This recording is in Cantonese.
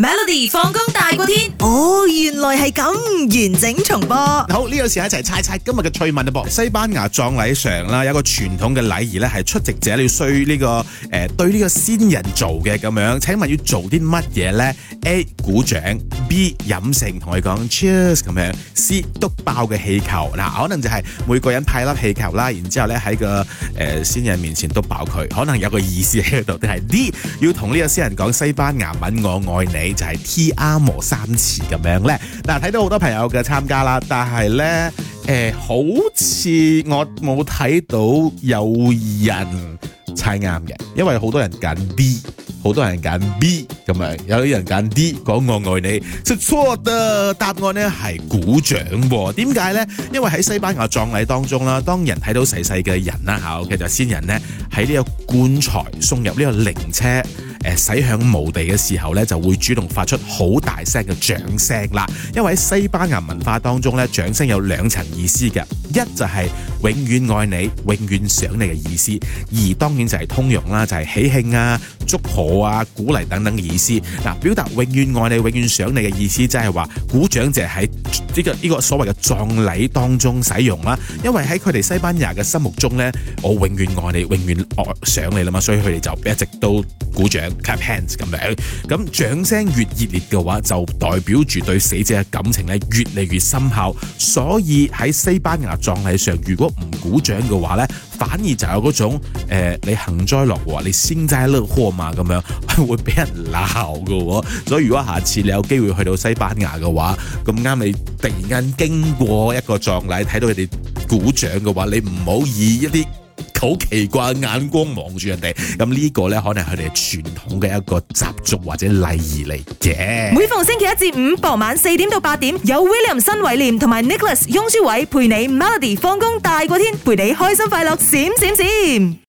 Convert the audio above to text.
Melody 放工大過天，哦，原來係咁，完整重播。好呢、呢個時間一齊猜猜今日嘅趣聞啊噃，西班牙葬禮上啦，有一個傳統嘅禮儀咧，係出席者你要需、這、呢個誒、呃、對呢個先人做嘅咁樣，請問要做啲乜嘢咧？A 鼓掌。B 飲成同佢講 cheers 咁樣，C 篤爆嘅氣球嗱、呃，可能就係每個人派粒氣球啦，然之後呢，喺個誒先、呃、人面前篤爆佢，可能有個意思喺度。定、就、係、是、D 要同呢個先人講西班牙文，我愛你就係、是、Te amo 三次咁樣呢。嗱、呃，睇到好多朋友嘅參加啦，但係呢，誒、呃，好似我冇睇到有人猜啱嘅，因為好多人揀 B，好多人揀 B。咁啊，有啲人揀 D 講我愛你，出錯的答案咧係鼓掌喎。哦？點解呢？因為喺西班牙葬禮當中啦，當人睇到細細嘅人啦嚇，其實先人咧喺呢個棺材送入呢個靈車，誒、呃、駛向墓地嘅時候呢，就會主動發出好大聲嘅掌聲啦。因為喺西班牙文化當中咧，掌聲有兩層意思嘅，一就係永遠愛你、永遠想你嘅意思，二當然就係通用啦，就係、是、喜慶啊、祝賀啊、鼓勵等等意思。嗱，表達永遠愛你、永遠想你嘅意思，即係話鼓掌就係喺呢個呢個所謂嘅葬禮當中使用啦。因為喺佢哋西班牙嘅心目中咧，我永遠愛你、永遠愛想你啦嘛，所以佢哋就一直都鼓掌，clap hands 咁樣。咁掌聲越熱烈嘅話，就代表住對死者嘅感情咧越嚟越深厚。所以喺西班牙葬禮上，如果唔鼓掌嘅話咧，反而就有嗰種誒你幸災樂禍、你幸災樂禍嘛咁樣，會俾人鬧。效所以如果下次你有機會去到西班牙嘅話，咁啱你突然間經過一個葬禮，睇到佢哋鼓掌嘅話，你唔好以一啲好奇怪眼光望住人哋，咁呢個呢，可能係佢哋傳統嘅一個習俗或者禮儀嚟嘅。Yeah! 每逢星期一至五傍晚四點到八點，有 William 新偉廉同埋 Nicholas 雍舒偉陪你 Melody 放工大過天，陪你開心快樂閃閃閃。閃閃閃閃。